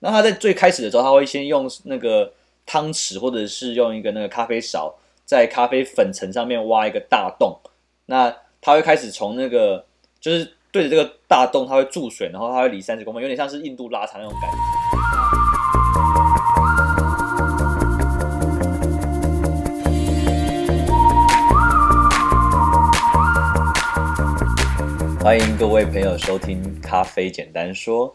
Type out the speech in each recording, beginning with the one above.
那他在最開始的時候，他會先用那個湯匙，或者是用一個那個咖啡勺，在咖啡粉層上面挖一個大洞。那他會開始從那個，就是對着這個大洞，他會注水，然後他會離三十公分，有點像是印度拉茶那種感覺。歡迎各位朋友收聽《咖啡簡單說》。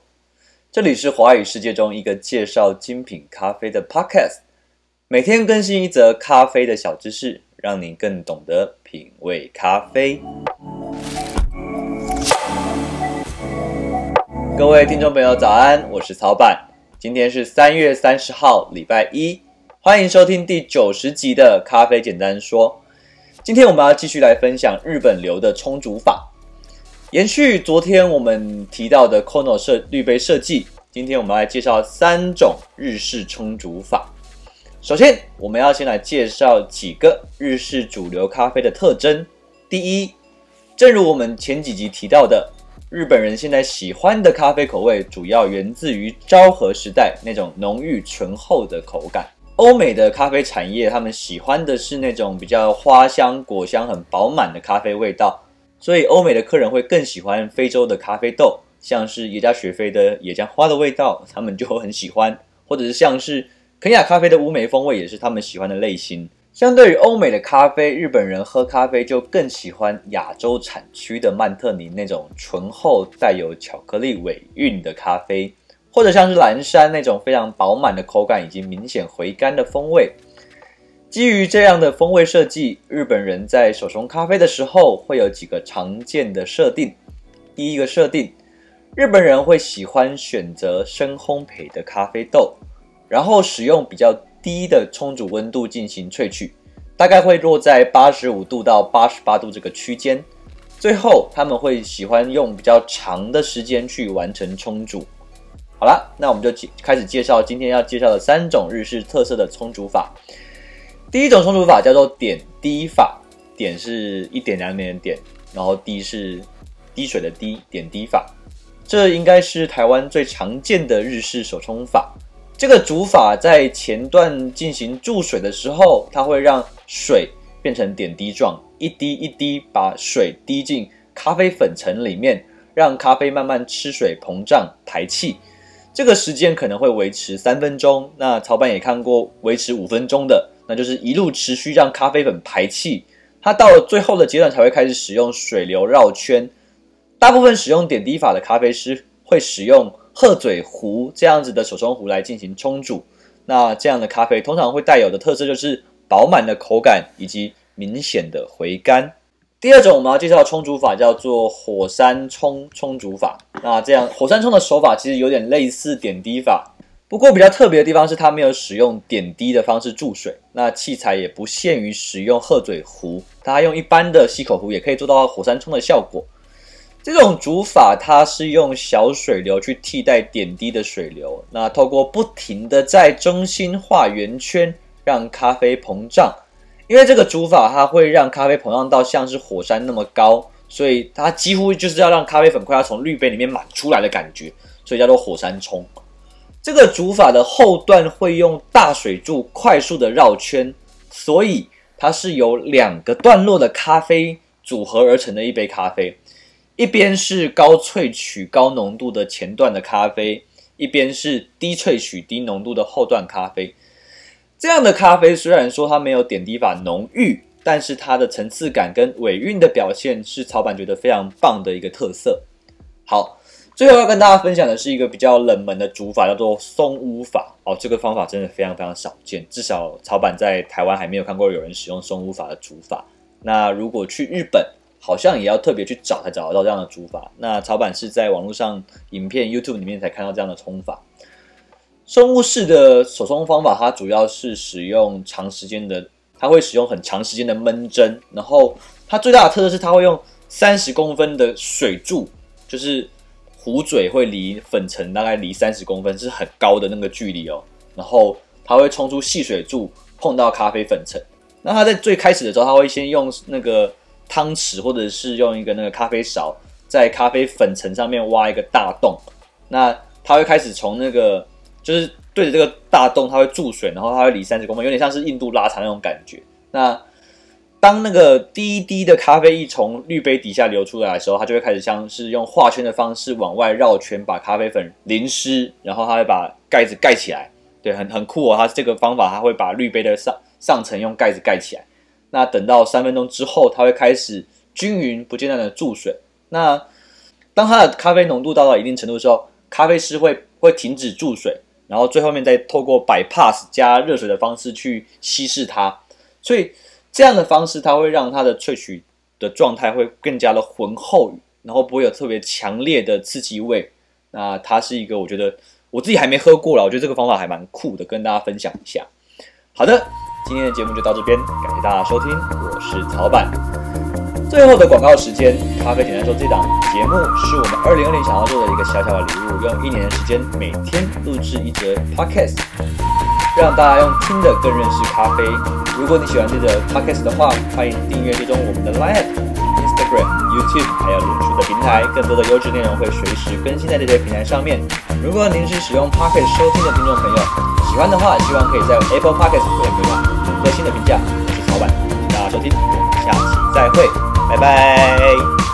這裡是華語世界中一個介紹精品咖啡的 podcast，每天更新一則咖啡的小知識，讓您更懂得品味咖啡。各位聽眾朋友，早安，我是曹板，今天是三月三十號，禮拜一，歡迎收聽第九十集的《咖啡簡單說》。今天我們要繼續來分享日本流的沖煮法。延續昨天我們提到的 KONO 設濾杯設計，今天我們來介紹三種日式沖煮法。首先，我們要先來介紹幾個日式主流咖啡的特徵。第一，正如我們前幾集提到的，日本人現在喜歡的咖啡口味主要源自於昭和時代那種濃郁醇厚的口感。歐美的咖啡產業，他們喜歡的是那種比較花香、果香很飽滿的咖啡味道。所以，歐美的客人會更喜歡非洲的咖啡豆，像是耶加雪菲的野薑花的味道，他們就很喜歡；或者是像是肯亞咖啡的烏梅風味，也是他們喜歡的類型。相對於歐美的咖啡，日本人喝咖啡就更喜歡亞洲產區的曼特寧那種醇厚帶有巧克力尾韻的咖啡，或者像是藍山那種非常飽滿的口感以及明顯回甘的風味。基於這樣的風味設計，日本人在手沖咖啡的時候會有幾個常見的設定。第一個設定，日本人會喜歡選擇深烘焙的咖啡豆，然後使用比較低的沖煮溫度進行萃取，大概會落在八十五度到八十八度這個區間。最後，他們會喜歡用比較長的時間去完成沖煮。好啦，那我們就開始介紹今天要介紹的三種日式特色的沖煮法。第一種沖煮法叫做點滴法，點是一點兩點的點，然後滴是滴水的滴，點滴法，這應該是台灣最常見的日式手沖法。這個煮法在前段進行注水的時候，它會讓水變成點滴狀，一滴一滴把水滴進咖啡粉層裡面，讓咖啡慢慢吃水膨脹排氣。這個時間可能會維持三分鐘，那潮板也看過維持五分鐘的。那就是一路持續讓咖啡粉排氣，它到了最後的階段才會開始使用水流繞圈。大部分使用點滴法的咖啡師會使用鶴嘴壺這樣子的手沖壺來進行沖煮。那這樣的咖啡通常會帶有的特色就是飽滿的口感以及明顯的回甘。第二種我們要介紹的沖煮法叫做火山沖沖煮法。那這樣火山沖的手法其實有點類似點滴法。不過比較特別的地方是，它沒有使用點滴的方式注水，那器材也不限於使用鶴嘴壺，大家用一般的吸口壺也可以做到火山沖的效果。這種煮法，它是用小水流去替代點滴的水流，那透過不停的在中心畫圓圈，讓咖啡膨脹。因為這個煮法，它會讓咖啡膨脹到像是火山那麼高，所以它幾乎就是要讓咖啡粉快要從濾杯裡面滿出來的感覺，所以叫做火山沖。這個煮法的後段會用大水柱快速的繞圈，所以它是由兩個段落的咖啡組合而成的一杯咖啡。一邊是高萃取、高濃度的前段的咖啡，一邊是低萃取、低濃度的後段咖啡。這樣的咖啡雖然說它沒有點滴法濃郁，但是它的層次感跟尾韻的表現是草板覺得非常棒的一個特色。好。最後要跟大家分享的是一個比較冷門的煮法，叫做松屋法哦。這個方法真的非常非常少見，至少草板在台灣還沒有看過有人使用松屋法的煮法。那如果去日本，好像也要特別去找才找得到這樣的煮法。那草板是在網絡上影片 YouTube 裡面才看到這樣的沖法。松屋式的手沖方法，它主要是使用長時間的，它會使用很長時間的悶蒸，然後它最大的特色是它會用三十公分的水柱，就是。壺嘴會離粉層，大概離三十公分，是很高的那個距離哦。然後它會衝出細水柱碰到咖啡粉層。那它在最開始的時候，它會先用那個湯匙或者是用一個那個咖啡勺，在咖啡粉層上面挖一個大洞。那它會開始從那個就是對着這個大洞，它會注水，然後它會離三十公分，有點像是印度拉茶那種感覺。那當那個滴一滴的咖啡液從濾杯底下流出來的時候，它就會開始像是用畫圈的方式往外繞圈，把咖啡粉淋濕，然後它會把蓋子蓋起來。對，很很酷哦。它這個方法，它會把濾杯的上上層用蓋子蓋起來。那等到三分鐘之後，它會開始均勻不間斷的注水。那當它的咖啡濃度到了一定程度的時候，咖啡師會會停止注水，然後最後面再透過 bypass 加熱水的方式去稀釋它。所以。這樣的方式，它會讓它的萃取的狀態會更加的渾厚，然後不會有特別強烈的刺激味。那它是一個，我覺得我自己還沒喝過了，我覺得這個方法還蠻酷的，跟大家分享一下。好的，今天的節目就到這邊，感謝大家收聽，我是曹板。最後的廣告時間，咖啡簡單說這檔節目是我們二零二零想要做的一個小小的禮物，用一年的時間每天錄製一則 Podcast。讓大家用聽的更認識咖啡。如果你喜歡這個 podcast 的話，歡迎訂閱追蹤我們的 LINE、Instagram、YouTube 還有臉書的平台。更多的優質內容會隨時更新在這些平台上面。如果您是使用 Podcast 收聽的聽眾朋友，喜歡的話，希望可以在 Apple Podcast 給我們很多新的評價。我是曹晚，謝謝大家收聽，我們下期再會，拜拜。